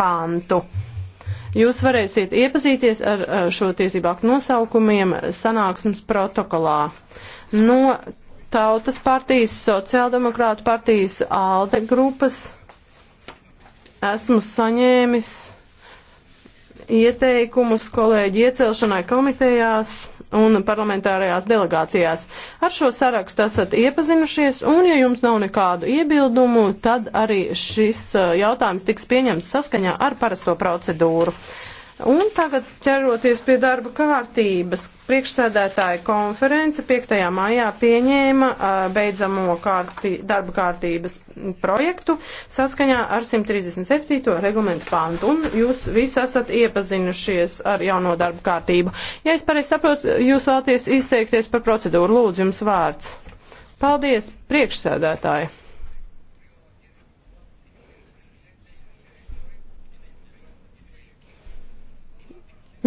pantu. Jūs varēsiet iepazīties ar šo tiesību aktu nosaukumiem sanāksmes protokolā. No Tautas partijas, Sociāldemokrātu partijas, ALDE grupas esmu saņēmis ieteikumus kolēģi iecelšanai komitejās un parlamentārajās delegācijās. Ar šo sarakstu esat iepazinušies, un ja jums nav nekādu iebildumu, tad arī šis uh, jautājums tiks pieņemts saskaņā ar parasto procedūru. Un tagad ķeroties pie darba kārtības, priekšsēdētāja konference 5. maijā pieņēma uh, beidzamo kārti, darba kārtības projektu saskaņā ar 137. reglamentu pantu. Un jūs visi esat iepazinušies ar jauno darba kārtību. Ja es pareizi saprotu, jūs vēlaties izteikties par procedūru. Lūdzu, jums vārds. Paldies, priekšsēdētāji!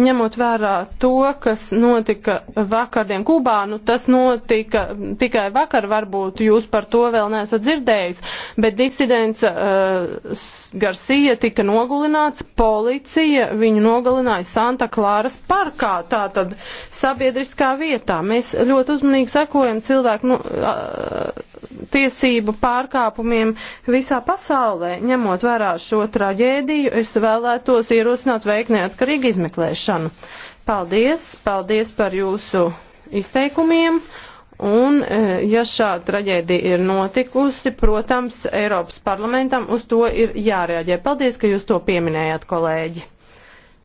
ņemot vērā to, kas notika vakardien Kubā, nu tas notika tikai vakar, varbūt jūs par to vēl neesat dzirdējis, bet disidents uh, Garcia tika nogalināts, policija viņu nogalināja Santa Klāras parkā, tātad sabiedriskā vietā. Mēs ļoti uzmanīgi sekojam cilvēku nu, uh, tiesību pārkāpumiem visā pasaulē. Ņemot vērā šo traģēdiju, es vēlētos ierosināt veikt neatkarīgu izmeklēšanu. Paldies, paldies par jūsu izteikumiem. Un, e, ja šāda traģēdija ir notikusi, protams, Eiropas parlamentam uz to ir jārēģē. Paldies, ka jūs to pieminējāt, kolēģi!